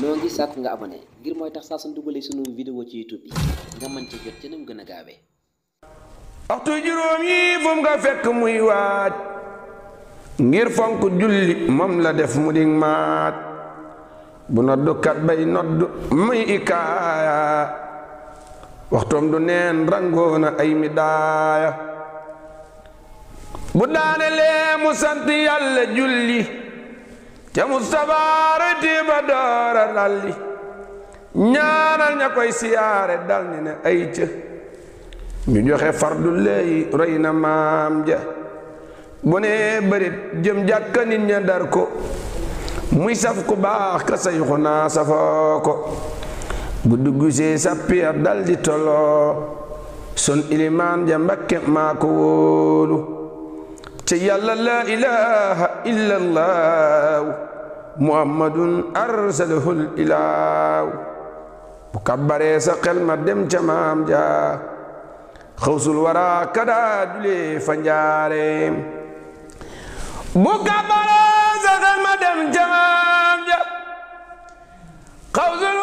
noo ngi sàkk nga abonné ngir mooy tax saa suñ dugalee sunu vidéo ci YouTube bi nga mën ci jot ci nam gën a gaawee waxtu juróom yi fu nga fekk muy waaj ngir fonk julli moom la def mu dig maat bu noddukat bay nodd muy ikaaya waxtoom du neen rangoona ay midaaya bu daane mu sant yàlla julli te Mustapha rëti ba doora dalli ñaanal ña koy siyaare dal ni ne ay ca ñu joxe fardu leey roy na maam ja bu ne jëm jàkka nit ña dar ko muy saf ku baax ka sayuxu naa safoo ko bu duggusee sappiya dal tolloo sun ilimaan ja mbakke maa ko wóolu te yàlla laa ilaha illa allah muhammadun arsalahul ilaaw sa xel dem ca ja xawsul wara kada dule fa sa xel dem ca ja